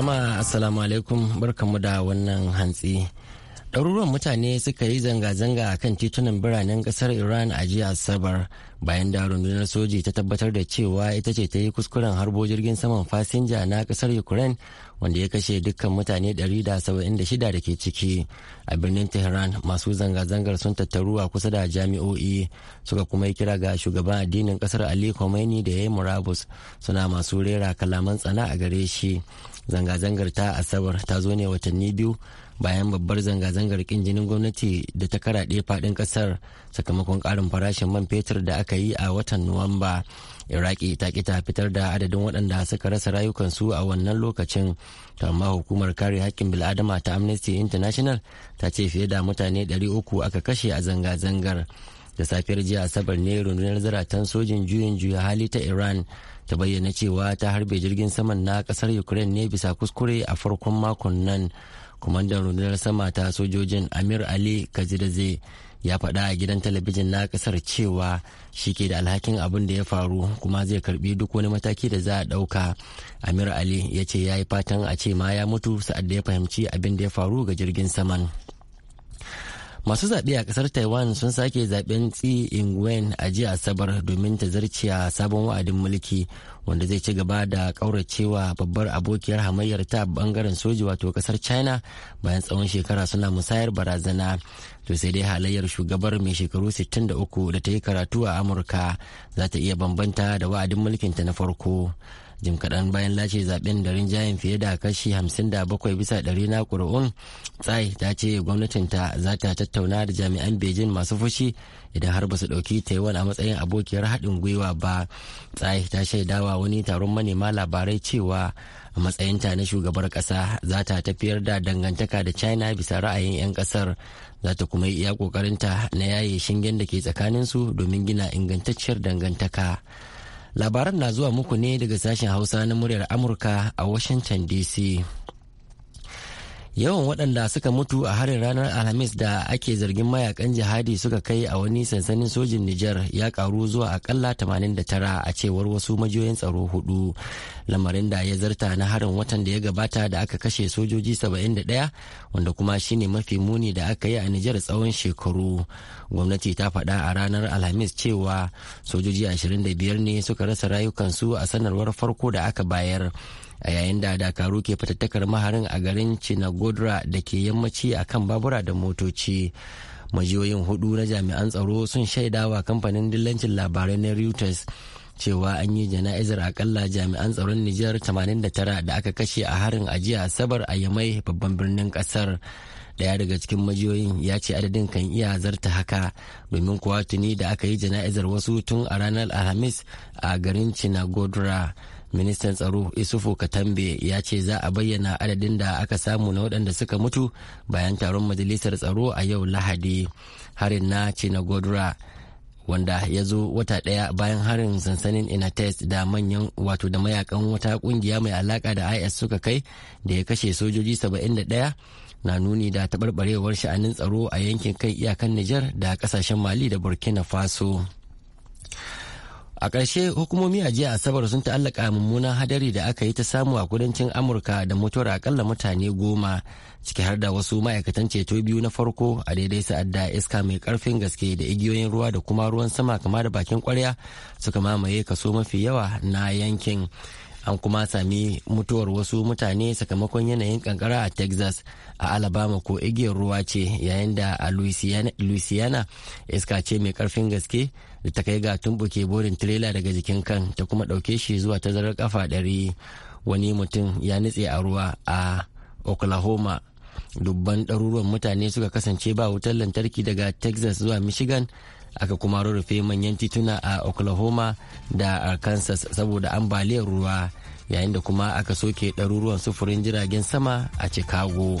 jama'a assalamu alaikum barkanmu da wannan hantsi ɗaruruwan mutane suka yi zanga-zanga a kan titunan biranen ƙasar iran a jiya asabar bayan da rundunar soji ta tabbatar da cewa ita ce ta yi kuskuren harbo jirgin saman fasinja na ƙasar ukraine wanda ya kashe dukkan mutane 176 da ke ciki a birnin tehran masu zanga-zangar sun tattaru a kusa da jami'o'i suka kuma yi kira ga shugaban addinin ƙasar ali khomeini da ya yi murabus suna masu rera kalaman tsana a gare shi zanga-zangar ta asabar ta zo ne watanni biyu bayan babbar zanga-zangar kin jinin gwamnati da ta karaɗe faɗin ƙasar sakamakon ƙarin farashin man fetur da aka yi a watan nuwamba iraki ta ki ta fitar da adadin waɗanda suka rasa rayukansu a wannan lokacin to amma hukumar kare haƙƙin bil'adama ta amnesty international ta ce fiye da mutane 300 aka kashe a zanga-zangar da safiyar jiya asabar ne rundunar zaratan sojin juyin juya hali ta iran ta bayyana cewa ta harbe jirgin saman na kasar ukraine ne bisa kuskure a farkon makon nan kwamandan rundunar sama ta sojojin amir ali kazidaze ya faɗa a gidan talabijin na kasar cewa shi ke da alhakin abin da ya faru kuma zai karbi duk wani mataki da za a ɗauka amir ali ya ce ya yi fatan a ce ma ya mutu sa'ad da ya fahimci abin da ya faru ga jirgin saman masu zaɓe a ƙasar taiwan sun sake zaɓen tsi ingwen a jiya asabar domin ta zarce sabon wa'adin mulki wanda zai ci gaba da ƙauracewa babbar abokiyar hamayyar ta bangaren soji wato ƙasar china bayan tsawon shekara suna musayar barazana to sai dai halayyar shugabar mai shekaru 63 da ta yi karatu a amurka za ta iya bambanta da wa'adin mulkinta na farko jim kaɗan bayan lashe zaɓen da rinjayen fiye da kashi 57 bisa ɗari na ƙuri'un tsai ta ce gwamnatinta za ta tattauna da jami'an beijing masu fushi idan har ba su ɗauki taiwan a matsayin abokiyar haɗin gwiwa ba tsai ta shaidawa wani taron manema labarai cewa a matsayinta na shugabar ƙasa za ta tafiyar da dangantaka da china bisa ra'ayin 'yan ƙasar za ta kuma yi iya ƙoƙarinta na yaye shingen da ke tsakanin su domin gina ingantacciyar dangantaka labaran na zuwa muku ne daga sashen hausa na muryar amurka a washington dc yawan waɗanda suka mutu a harin ranar alhamis da ake zargin mayakan jihadi suka kai a wani sansanin sojin nijar ya karu zuwa akalla 89 a cewar wasu majiyoyin tsaro hudu lamarin da ya zarta na harin watan da ya gabata da aka kashe sojoji 71 wanda kuma shine mafi muni da aka yi a nijar tsawon shekaru gwamnati ta faɗa a ranar alhamis cewa sojoji 25 ne suka rasa rayukansu a sanarwar farko da aka bayar a yayin da dakaru ke fatattakar maharin a garin cinagodra da ke yammaci a kan babura da motoci. Majiyoyin hudu na jami'an tsaro sun shaidawa kamfanin dillancin labarai na Reuters cewa an yi jana'izar akalla jami'an tsaron Nijar 89 da aka kashe a harin ajiya Asabar a Yamai babban birnin kasar. Daya daga cikin majiyoyin ya ce adadin kan iya zarta haka domin kuwa tuni da aka yi jana'izar wasu tun a ranar Alhamis a garin cina-godra ministan tsaro isufu katambe ya ce za a bayyana adadin da aka samu na waɗanda suka mutu bayan taron majalisar tsaro a yau lahadi harin na godura wanda ya zo wata ɗaya bayan harin sansanin inates da manyan wato da mayakan wata kungiya mai alaka da is suka kai da ya kashe sojoji 71 na nuni da taɓarɓarewar sha'anin tsaro a yankin kai iyakan nijar da ƙasashen mali da burkina faso A ƙarshe hukumomi a jiya Asabar sun ta'allaka mummunan hadari da aka yi ta samu a kudancin Amurka da mutuwar akalla mutane goma ciki har da wasu ma'aikatan ceto biyu na farko a daidai sa'ad da iska mai ƙarfin gaske da igiyoyin ruwa da kuma ruwan sama kama da bakin kwarya suka mamaye kaso mafi yawa na yankin. an kuma sami mutuwar wasu mutane sakamakon yanayin kankara a texas a alabama ko igiyar ruwa ce yayin da a louisiana iska ce mai karfin gaske da ta kai ga tumbuke borin tirela daga jikin kan ta kuma dauke shi zuwa tazarar kafa ɗari wani mutum ya nitse a ruwa a oklahoma dubban ɗaruruwan mutane suka kasance ba wutar lantarki daga texas zuwa michigan aka kuma rurrufe manyan tituna a oklahoma da arkansas saboda ambaliyar ruwa yayin da kuma aka soke ɗaruruwan sufurin jiragen sama a chicago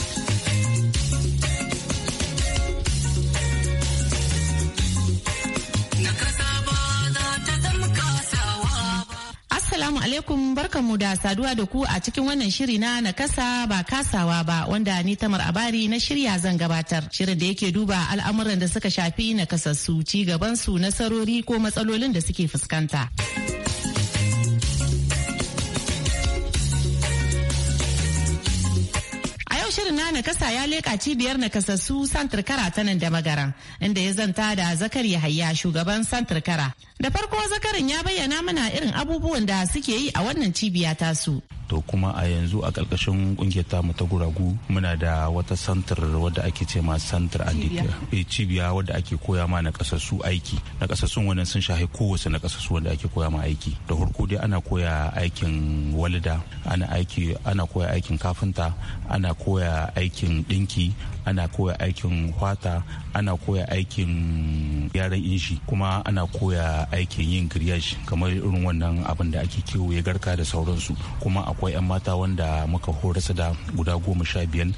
Assalamu alaikum barkanmu da saduwa da ku a cikin wannan shiri na nakasa ba kasawa ba wanda ni tamar abari na shirya zan gabatar. Shirin da yake duba al'amuran da suka shafi nakasassu ci gaban su nasarori ko matsalolin da suke fuskanta. nakasa ya leƙa cibiyar nakasassu santar kara ta nan da magaran inda ya zanta da zakar yahaya shugaban santar kara da farko zakarin ya bayyana mana irin abubuwan da suke yi a wannan cibiya tasu to kuma a yanzu a ƙarƙashin ƙungiyar tamu ta guragu muna da wata santar wadda ake ce ma santar eh, cibiya wadda ake koya ma na ƙasassu aiki na ƙasassun wannan sun shahi kowace na ƙasassu wanda ake koya ma aiki da farko dai ana koya aikin walda ana aiki ana koya aikin kafinta ana koya aikin ɗinki ana koya aikin hwata ana koya aikin gyaran inji kuma ana koya aikin yin giriyaji kamar irin wannan abin da ake ya garka da sauransu kuma akwai 'yan mata wanda muka horasa da guda goma sha biyar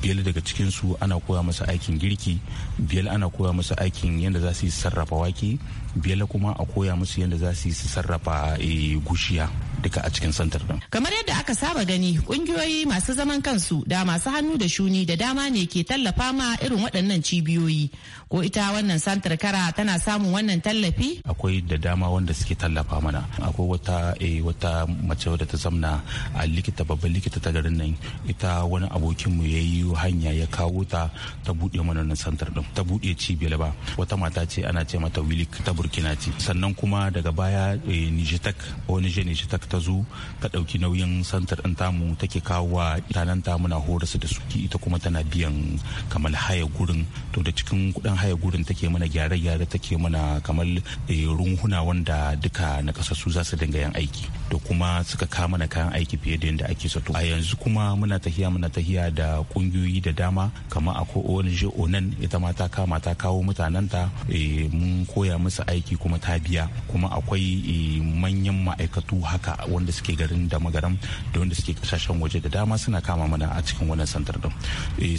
biyar daga cikinsu ana koya masa aikin girki biyar ana koya masa aikin yadda za su yi sarrafa wake biyar kuma a koya musu yadda za su yi sarrafa eh, gushiya duka a cikin santar ɗin. Kamar yadda aka saba gani ƙungiyoyi masu zaman kansu da masu hannu da shuni da dama ne ke tallafa ma irin waɗannan cibiyoyi ko ita wannan santar kara tana samun wannan tallafi akwai da dama wanda suke tallafa mana akwai wata eh, wata mace wadda ta zamna a likita babban likita ta garin nan ita wani abokin mu yayi hanya ya kawo ta ta bude mana wannan santar din ta bude cibiyar ba wata mata ce ana ce mata wilik ta burkina ce sannan kuma daga baya nijitak wani je nijitak ta zo ta ɗauki nauyin santar din tamu take kawo wa ta muna horasa da su ita kuma tana biyan kamar haya gurin to da cikin kudin haya gurin take mana gyare-gyare take mana kamar eh, runhuna wanda duka na su za su dinga yin aiki da kuma suka kama na kayan aiki fiye da yadda ake sato a yanzu kuma muna tahiya muna tahiya da kungiyoyi da dama kamar akwai ONG onan ita ma ta kama ta kawo mutanen ta eh, mun koya musu aiki kuma ta biya kuma akwai eh, manyan ma'aikatu haka wanda suke garin da magaram da wanda suke kasashen waje da dama suna kama mana a cikin wannan santar din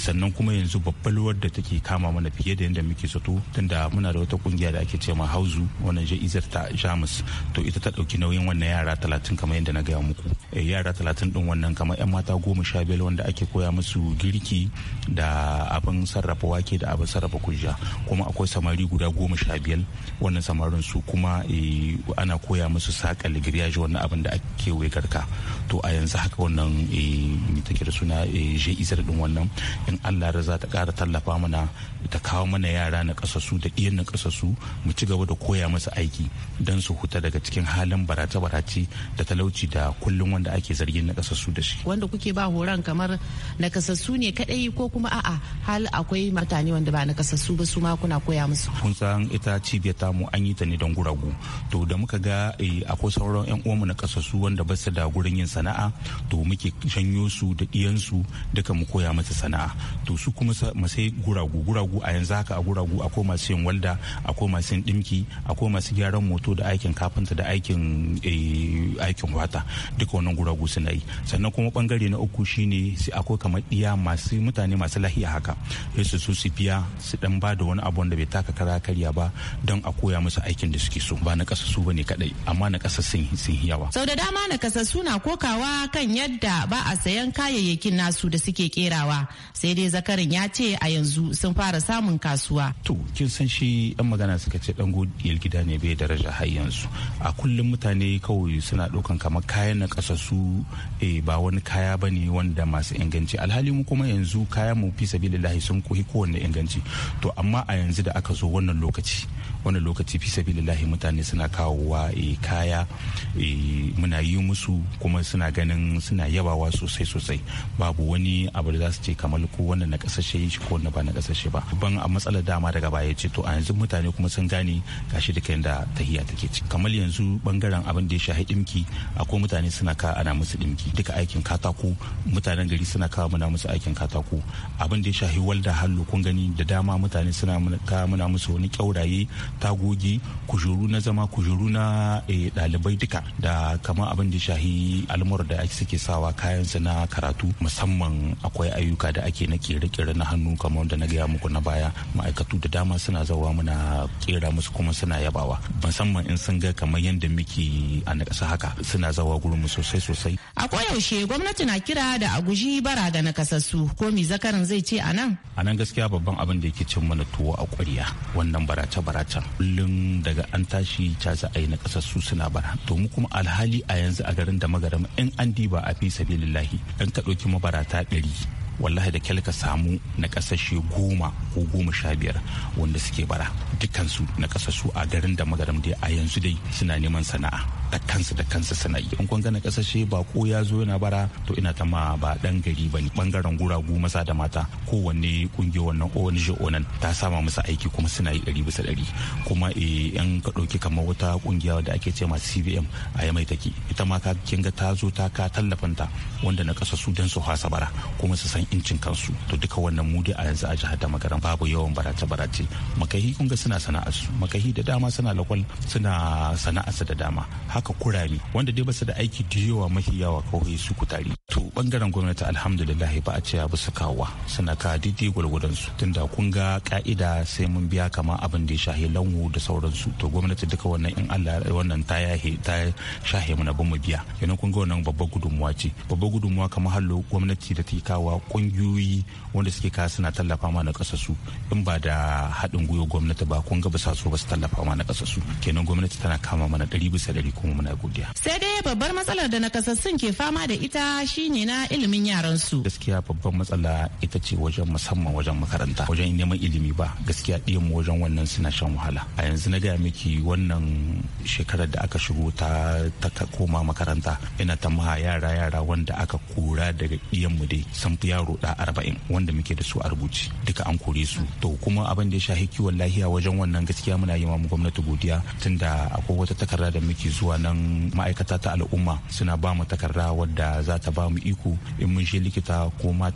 sannan kuma yanzu babbar da take kama mana fiye da yadda muke sato tunda muna da wata kungiya da ake ce ma hauzu wannan izar ta jamus to ita ta dauki nauyin wannan yara talatin kamar yadda na gaya muku eh, yara talatin din wannan kamar yan mata goma sha biyar wanda ake koya musu girki da abin sarrafa wake da abin sarrafa kujja kuma akwai samari guda goma sha biyar wannan samarin su kuma eh, ana koya musu saƙa ligiriyaji wannan abin da ake garka to a yanzu haka wannan eh, take da suna je izar din wannan in allah za ta kara tallafa mana ta kawo mana yara na kasassu da iyan na kasassu mu ci gaba da koya masu aiki don su huta daga cikin halin barace-barace da talauci da kullum wanda ake zargin na kasassu da shi wanda kuke ba horon kamar na kasassu ne kadai ko kuma a'a hal akwai mutane wanda ba na kasassu ba su ma kuna koya musu kun san ita cibiyar mu an yi ta ne don guragu to da muka ga eh, akwai sauran yan uwanmu na kasassu wanda ba su da gurin yin sana'a to muke janyo su da iyansu duka mu koya masa sana'a to su kuma sai guragu guragu a yanzu haka a ragu akwai masu yin walda akwai masu yin dimki akwai masu gyaran moto da aikin kafinta da aikin eh, aikin wata duka wannan guragu suna yi sannan kuma bangare na uku shine sai akwai kamar iya masu mutane masu lahiya haka yasu su su biya su dan ba da wani abu wanda bai taka kara karya ba don a koya musu aikin da suke so ba na kasa su bane kadai amma na kasa sun yawa sau da dama na kasa suna kokawa kan yadda ba a sayan kayayyakin nasu da suke kerawa sai dai zakarin ya ce a yanzu sun fara samun kasuwa ba to kin san shi ɗan magana suka ce ɗan godiyar gida ne bai daraja har yanzu a kullum mutane kawai suna ɗaukan kamar kayan na ƙasa su eh, ba wani kaya ba ne wanda masu inganci alhali mu kuma yanzu kaya mu fi sabilillahi sun kohi kowanne inganci to amma a yanzu da aka zo wannan lokaci wannan lokaci fi sabilillahi mutane suna kawowa eh, kaya eh, muna yi musu kuma suna ganin suna yabawa sosai sosai babu wani abu da za su ce kamar ko wannan na ƙasashe shi ko wannan ba na ƙasashe ba ban a matsalar dama daga baya ce to a yanzu mutane kuma sun gane gashi da kayan da tahiya take ci kamar yanzu bangaren abin da ya shahi dimki akwai mutane suna ka ana musu dimki duka aikin katako mutanen gari suna kawo muna musu aikin katako abin da ya shahi walda hallo kun gani da dama mutane suna ka muna musu wani kyauraye tagogi kujuru na zama kujuru na eh, ɗalibai duka da kamar abin da ya shahi almur da suke sawa kayan su na karatu musamman akwai ayyuka da ake na kere-kere na hannu kamar da na gaya muku na baya ma'aikatu da dama suna zawa muna kera musu kuma suna yabawa musamman in sun ga kamar yadda muke a nakasa haka suna zawa gurin mu sosai sosai a koyaushe gwamnati na kira da a guji bara ga nakasassu ko mi zakarin zai ce a nan a nan gaskiya babban abin da yake cin mana tuwo a ƙwarya wannan barace baracen kullum daga an tashi ta za a yi nakasassu suna bara to mu kuma alhali a yanzu a garin da magaram in an diba a fi sabilillahi in ka ɗauki mabarata ɗari wallahi da kyalka samu na kasashe goma ko goma sha biyar wanda suke bara dukansu na kasasu a garin da magaram dai a yanzu dai suna neman sana'a da kansu da kansa suna yi in kun gana kasashe ba ko ya zo yana bara to ina ta ma ba dan gari ba ne bangaren guragu maza da mata kowanne kungiyar wannan ONG onan ta sama musu aiki kuma suna yi ɗari bisa ɗari kuma yan eh, ka ɗauki kamar wata kungiya da ake ce masu CBM a yamai take ita ma ka kin ta zo ta ka tallafanta wanda na kasa su dan su hasa bara kuma su san incin kansu to duka wannan mu dai a yanzu a jihar da magaran babu yawan barace barace makahi kun ga suna sana'ar su makahi da dama suna lakwal suna sana'ar da dama haka kurami wanda dai basu da aiki da yawa mafi yawa kawai su kutari to bangaren gwamnati alhamdulillah ba a ce abu su kawa suna ka didi gwargwadon su tunda kun ga ka'ida sai mun biya kama abin da ya shahi lanwu da sauransu to gwamnati duka wannan in Allah wannan ta yahe ta shahe mun abin mu biya yana kun ga wannan babbar gudunmuwa ce babbar gudunmuwa kamar hallo gwamnati da ta kawa kungiyoyi wanda suke ka suna tallafa ma na kasa su in ba da haɗin gwiwa gwamnati ba kun ga ba sa so ba su tallafa ma na kasa su kenan gwamnati tana kama mana ɗari bisa ɗari kuma kuma muna godiya sai dai babbar matsalar da nakasassun ke fama da ita shine na ilimin yaran su gaskiya babbar matsala ita ce wajen musamman wajen makaranta wajen neman ilimi ba gaskiya ɗiyan mu wajen wannan suna shan wahala a yanzu na gaya miki wannan shekarar da aka shigo ta ta koma makaranta ina ta maha yara yara wanda aka kura daga ɗiyan mu dai sun fi yaro da arba'in wanda muke da su a rubuci duka an kore su to kuma abin da ya shahi kiwon lahiya wajen wannan gaskiya muna yi mu gwamnati godiya tunda akwai wata takarda da muke zuwa nan ma'aikata ta al'umma suna ba mu takarda wadda za ta ba mu iko in mun je likita ko mu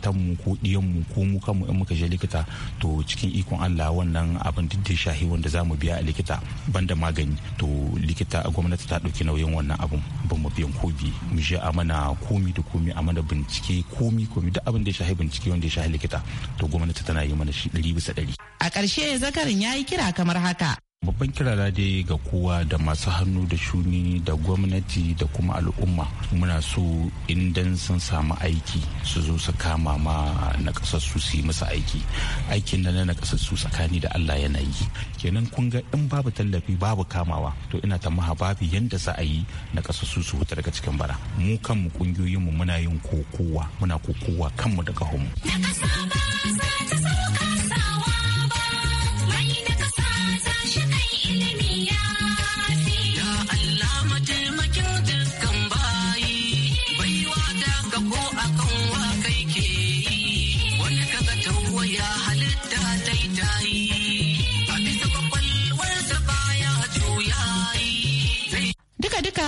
ko ɗiyanmu ko mu kanmu in muka je likita to cikin ikon Allah wannan abin duk da shahi wanda za mu biya a likita banda magani to likita gwamnati ta ɗauki nauyin wannan abun ban mu biyan kobi mu je a mana komi da komi a mana bincike komi komi duk abin da ya shahi bincike wanda ya shahi likita to gwamnati tana yi mana shi ɗari bisa ɗari. A ƙarshe zakarin ya yi kira kamar haka. babban kirara dai ga kowa da masu hannu da shuni da gwamnati da kuma al'umma muna so idan sun samu aiki su zo su kama ma na kasassu su yi masa aiki aikin na na kasassu tsakani da allah yana yi kenan kun ga in babu tallafi babu kamawa to ina ta maha babu yanda za a yi na kasassu su fita daga cikin bara mu kanmu kungiyoyinmu muna yin kokowa muna kokowa kanmu da kahonmu.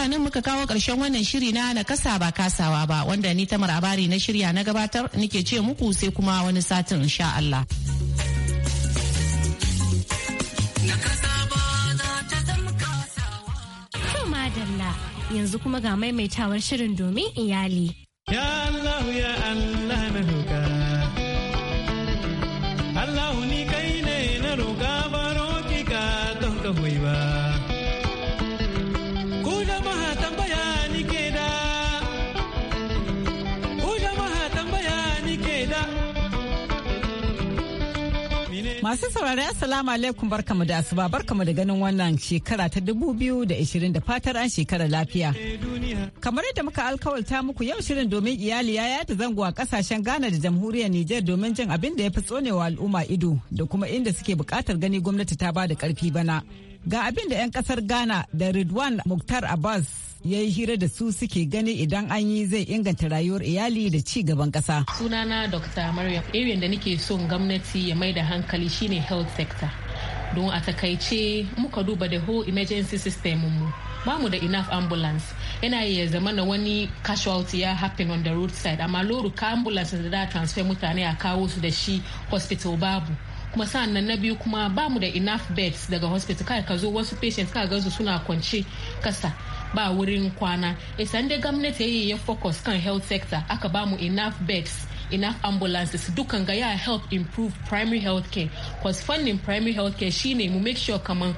nan muka kawo ƙarshen wannan shiri na na kasa ba kasawa ba wanda ni tamar abari na shirya na gabatar nike ce muku sai kuma wani satin insha Allah. yanzu kuma ga maimaitawar shirin domin iyali. Ya Allah ya Allah. Masu saurari Assalamu alaikum barkamu da asuba barkamu da ganin wannan shekara ta 2020 da da fatar an shekara lafiya. Kamar yadda muka alkawalta muku yau shirin domin iyali ya yata zango a kasashen Ghana da jamhuriyar Nijar domin jin abin da ya fi tsonewa al'umma ido da kuma inda suke bukatar gani gwamnati ta ba da karfi bana. Ga abin da 'yan kasar Ghana da Ridwan Muktar Abbas ya yi hira da su suke gani idan an yi zai inganta rayuwar iyali da ci gaban ƙasa. Sunana Dr. Maryam, area da nake son gwamnati ya mai da hankali shine health sector. Don a takaice muka duba da whole emergency system mu. ba mu da enough ambulance yana iya zama na wani casualty ya happen on the roadside amma ka ambulance da da transfer mutane a kawo su da shi hospital babu kuma sa'an na biyu kuma ba mu da enough beds daga hospital kai ka zo wasu patients ka gansu suna kwance kasa ba wurin kwana isa e, dai gwamnati ya yi ya focus kan health sector aka ba mu enough beds enough ambulances dukan ga ya help improve primary health care cause funding primary health care shine mu make sure kaman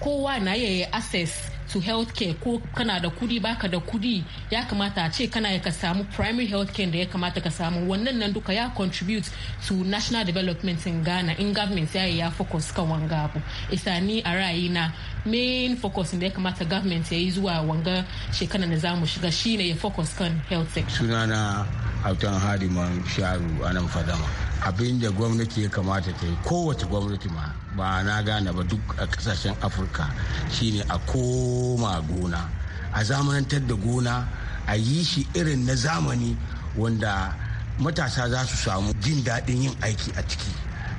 kowa na ya yi access to health care ko kana da kudi baka da kudi ya kamata a ce kana ka samu primary health care da ya kamata ka samu wannan nan duka ya contribute to national development in Ghana in government ya ya focus kan wanga abu isa ni a ra'ayi na main focus da ya kamata government ya yi zuwa wanga shekara da zamu shiga shine ya focus kan health sector sunana Autan Hadiman Sharu anan Fadama abin da gwamnati ya kamata ta yi kowace gwamnati ma ba na gane ba duk a kasashen afirka shine a koma gona a zamanantar da gona a yi shi irin na zamani wanda matasa za su samu jin daɗin yin aiki a ciki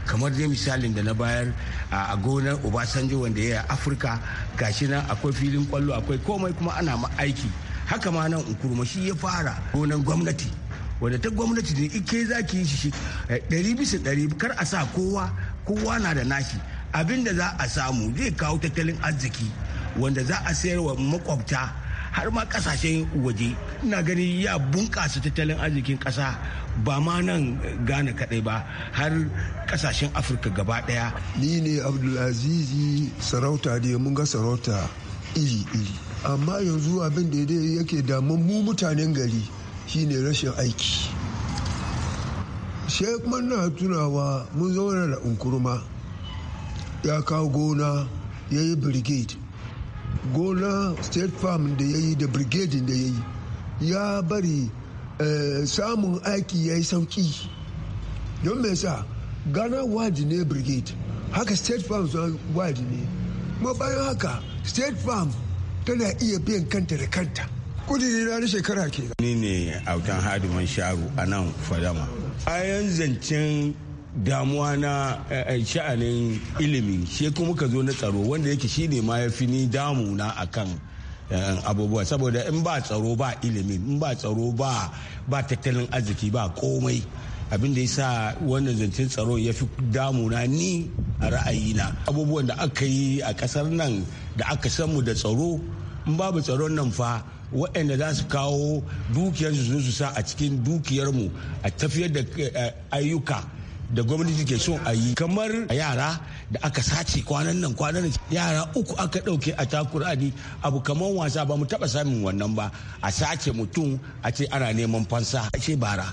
kamar dai misalin da na bayar a gonar obasanjo wanda ya yi afirka gashi nan akwai filin kwallo akwai komai kuma ana ma aiki haka ma nan nkuruma shi ya fara gonar gwamnati wanda ta gwamnati da ike za ki yi shi eh, ɗari bisa ɗari kar a sa kowa kowa na da nashi abin da za a samu zai kawo tattalin arziki wanda za a sayar wa makwabta har ma kasashen waje ina gani ya bunƙasa tattalin arzikin ƙasa ba ma nan gane kaɗai ba har kasashen afirka gaba ɗaya ni ne abdulazizi sarauta ne mun ga sarauta iri-iri amma yanzu abin da yake damun mu mutanen gari ne rashin aiki sai kuma na tunawa mun zauna da unkurma ya kawo gona ya yi brigade gona state farm da ya yi da brigade da ya yi ya bari eh, samun aiki ya yi sauki don me sa ghana wadi ne brigade haka state farm sun wadi ne kuma bayan haka state farm tana iya biyan kanta da kanta kudiri na shekara ke ni ne autan hadiman sharu a nan fadama bayan zancen damuwa na eh, eh, sha'anin ilimi shi kuma ka zo na tsaro wanda yake shi ne ma ya fi ni damuna a kan eh, abubuwa saboda in ba tsaro ba ilimi in ba tsaro ba ba tattalin arziki ba komai abin da ya sa wannan zancen tsaro ya fi damuna ni a ra'ayina abubuwan da aka yi a kasar nan da aka san mu da tsaro in babu tsaron nan fa waɗanda za su kawo dukiyar su su sa a cikin dukiyarmu a tafiyar da eh, ayyuka da gwamnati ke son a yi kamar yara da aka sace kwanan nan kwanan yara uku aka ɗauke a takurani abu kamar wasa ba mu taɓa samun wannan ba a sace mutum a ce ana neman fansa a ce bara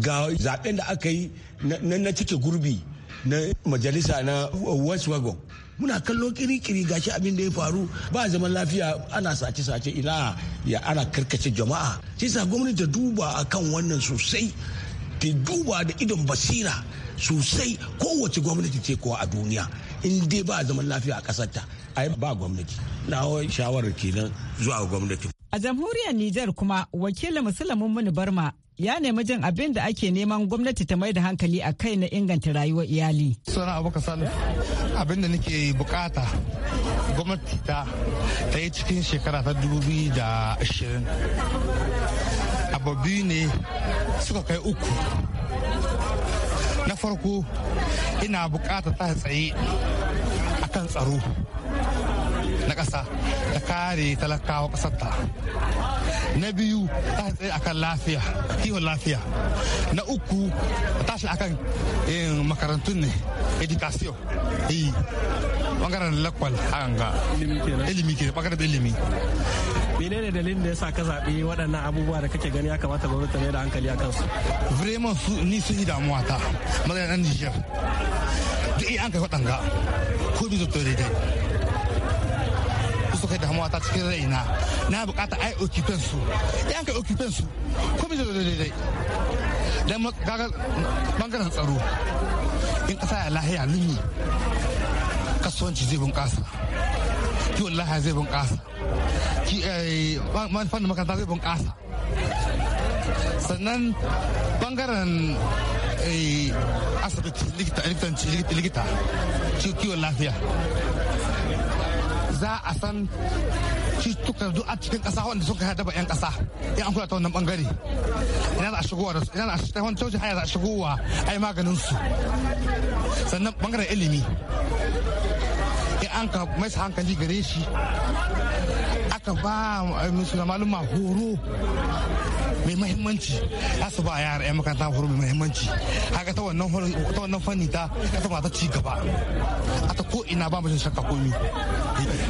ga Zaɓen da aka yi na cike gurbi na majalisa na west wagon muna kallo kirikiri gashi abin da ya faru ba zaman lafiya ana sace-sace ina ya ana karkace jama'a shi sa gwamnati ta duba akan wannan sosai ta duba da idon basira sosai kowace gwamnati ce kowa a duniya in dai ba zaman lafiya a kasarta ai ba gwamnati na shawarar kenan zuwa gwamnati a jamhuriyar nijar kuma wakilin musulmin muni barma ya nemi jin abin da ake neman gwamnati ta mai da hankali a kai na inganta rayuwar iyali. Suna ka Salif. abin da nake bukata gwamnati ta ta yi cikin shekara ta 2020 ababi ne suka kai uku na farko ina bukata ta tsaye akan tsaro na ƙasa ta kare talakawa ta. na biyu ta tsaye akan lafiya kiwon lafiya na uku ta a akan eh, makarantun ne education eh, bangaren lakwal ga ilimi ke bangaren ilimi menene dalilin da ya sa ka zaɓi waɗannan abubuwa da kake gani ya kamata gwamnati ta da hankali a kansu vraiment su ni su yi damuwa ta matsayin ɗan nijar duk iya an kai waɗanga ko bi zo to daidai da suka damuwa ta cikin raina na bukata ai okipen su idan ka okipen su komai da daidai dan kaga bangaren tsaro in kasa ya lahiya lumi kasuwanci zai bunkasa kiwon lahiya zai bunkasa ki bunƙasa eh, fannin makaranta zai bunkasa sannan bangaren eh, asibiti likita likita kiwon lafiya za a san cututtukan duk a cikin ƙasa wanda suka ba 'yan ƙasa in an kula ta wannan bangare ina za a shigowa da ina za a ta wajen haya za a shigowa ai maganin su sannan bangaren ilimi an ka masa hankali gare shi aka ba eh, musulman maluma horo mai mahimmanci za su ba yara 'yan makaranta horo mai mahimmanci haka ta wannan fanni ta kasa ba ta ci gaba a ta ko ba mashin shakka komi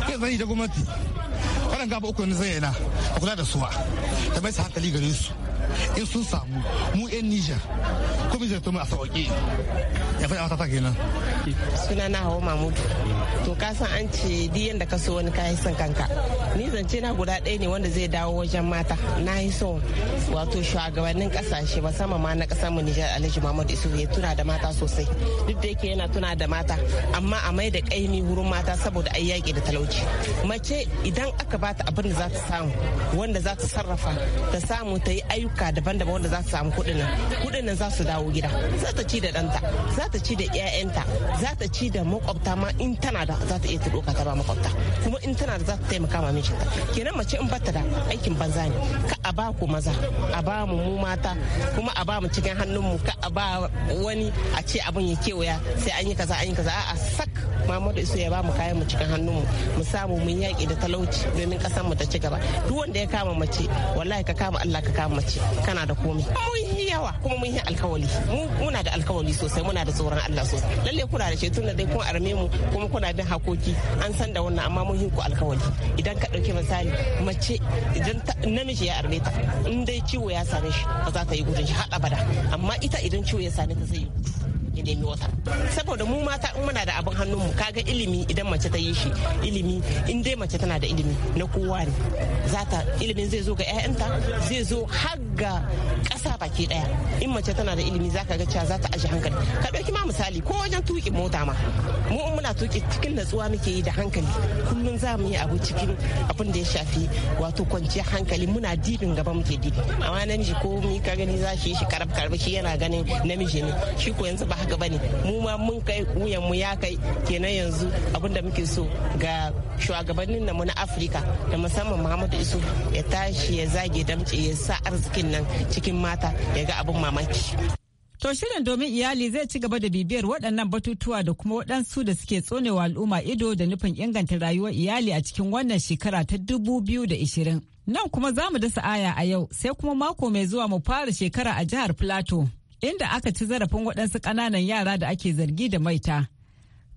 kai zai da gwamnati waɗanda gaba uku ne zai yana a kula da suwa ta mai hankali gare su in e sun samu mu 'yan Nijar kuma zai tumi a sauƙi ya faɗa mata kenan. Suna na hawa Mamudu. To ka san an ce duk da ka so wani ka son kanka. Ni zance na guda ɗaya ne wanda zai dawo wajen mata. Na yi son wato shugabannin ƙasashe musamman ma na ƙasar mu Nijar Alhaji Muhammadu Isu ya tuna da mata sosai. Duk da yake yana tuna da mata amma a mai da ƙaimi wurin mata saboda ai yaƙi da talauci. Mace idan aka bata abin da za ta samu wanda za ta sarrafa ta samu ta yi ayyuka ayyuka daban-daban wanda za su samu kuɗin nan kudin nan za su dawo gida za ta ci da danta za ta ci da 'ya'yanta za ta ci da makwabta ma in tana da za ta iya ta doka ta ba makwabta kuma in tana da za ta taimaka ma mijinta kenan mace in bata da aikin banza ne ka a ba ku maza a ba mu mu mata kuma a ba mu cikin hannunmu ka a ba wani a ce abin ya kewaya sai an yi kaza an yi kaza a'a sak da su ya ba kayan mu cikin hannun mu mu samu mun yaƙi da talauci domin ƙasar mu ta ci gaba. Duk wanda ya kama mace wallahi ka kama Allah ka kama mace kana da komai. Mun yi yawa kuma mun yi alkawali. Muna da alkawali sosai muna da tsoron Allah sosai. Lalle kuna da ceton da dai kun arme mu kuma kuna bin hakoki an san da wannan amma mun yi ku alkawali. Idan ka ɗauki misali mace idan namiji ya arme ta in dai ciwo ya same shi ba za ta yi gudun shi har abada amma ita idan ciwo ya same ta zai yi ya wata saboda mu mata in muna da abin hannun mu kaga ilimi idan mace ta yi shi ilimi in dai mace tana da ilimi na kowa ne za ta ilimin zai zo ga 'ya'yanta zai zo har ga ƙasa baki ɗaya in mace tana da ilimi zaka ga cewa za ta aji hankali ka ɗauki ma misali ko wajen tuki mota ma mu in muna tuki cikin natsuwa muke yi da hankali kullum za mu yi abu cikin abin da ya shafi wato kwanciyar hankali muna dibin gaba muke dibi amma namiji ko mi ka gani za shi shi karab karab shi yana ganin namiji ne shi ko yanzu ba haka bane mu ma mun kai wuyan mu ya kai kenan yanzu abinda muke so ga shugabannin namu na Afirka da musamman Muhammadu Isu ya tashi ya zage damce ya sa arzikin nan cikin mata ya ga abin mamaki. To shirin domin iyali zai ci gaba da bibiyar waɗannan batutuwa da kuma waɗansu da suke tsonewa al'umma ido da nufin inganta rayuwar iyali a cikin wannan shekara ta dubu biyu da ishirin Nan kuma za mu dasa aya a yau sai kuma mako mai zuwa mu fara shekara a jihar Plateau. inda aka ci zarafin waɗansu ƙananan yara da ake zargi da maita.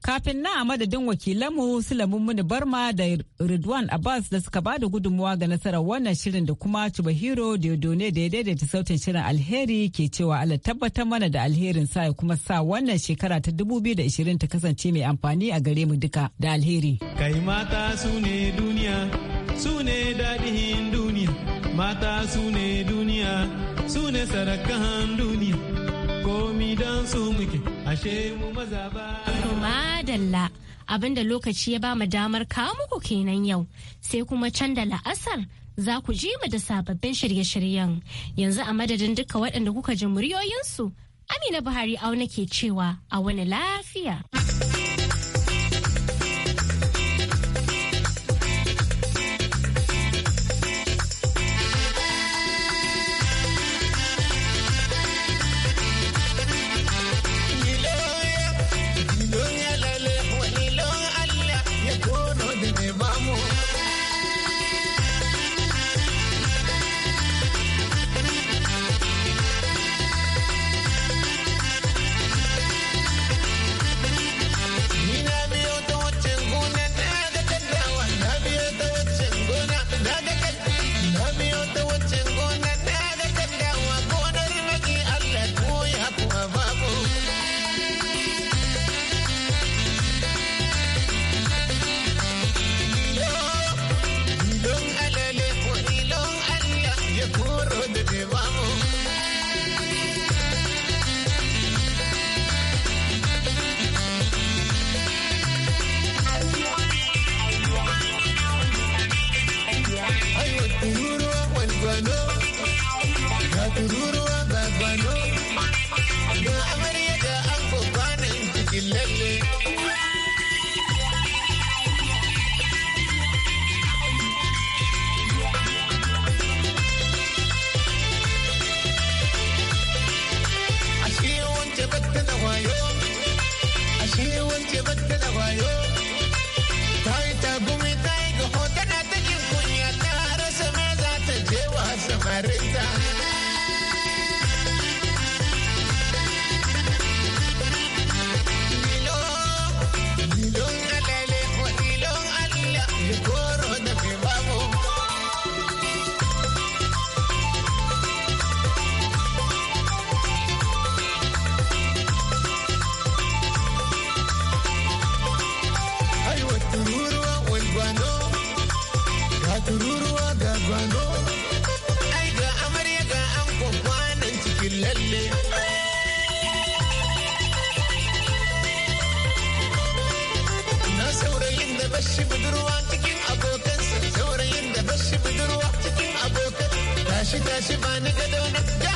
Kafin na a madadin wakilanmu Sulamun Muni Barma da Ridwan Abbas da suka bada gudunmuwa ga nasarar wannan shirin da kuma Chubahiro Diodone da ya daidaita sautin shirin alheri ke cewa Allah tabbatar mana da alherin sa ya kuma sa wannan shekara ta 2020 ta kasance mai amfani a gare mu duka da alheri. Kai mata su ne duniya, su ne dadihin duniya, mata su ne duniya, su ne sarakan duniya. su muke ashe mu maza ba madalla abinda lokaci ya ba mu damar kawo muku kenan yau sai kuma can da la'asar za ku ji mu da sababbin shirye-shiryen yanzu a madadin duka waɗanda kuka ji muryoyinsu amina buhari auna ke cewa a wani lafiya. bashi budurwa cikin abokan saurayin da bashi budurwa cikin abokan tashi tashi ba ni gado na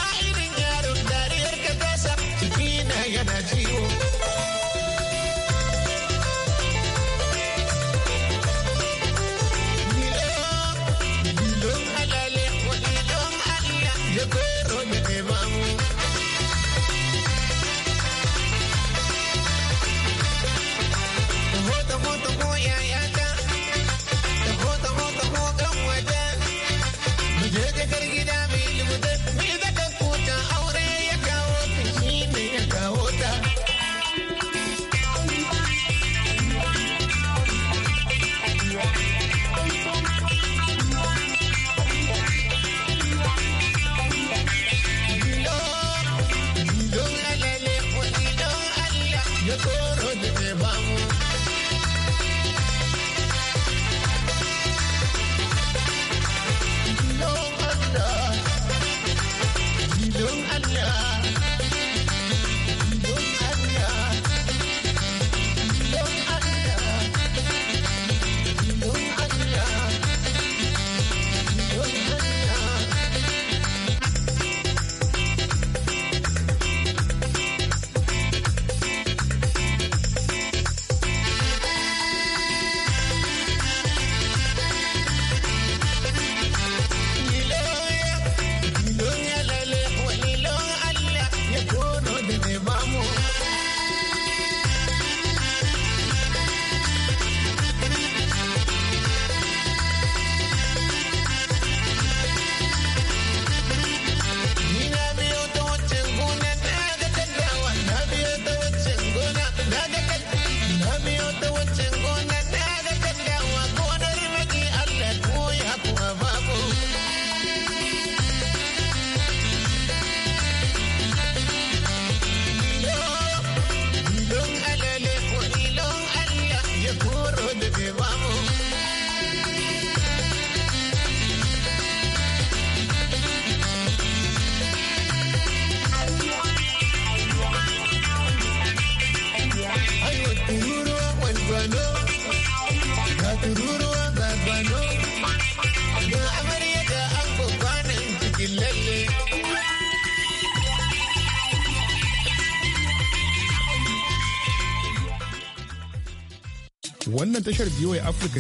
wannan tashar VOA Africa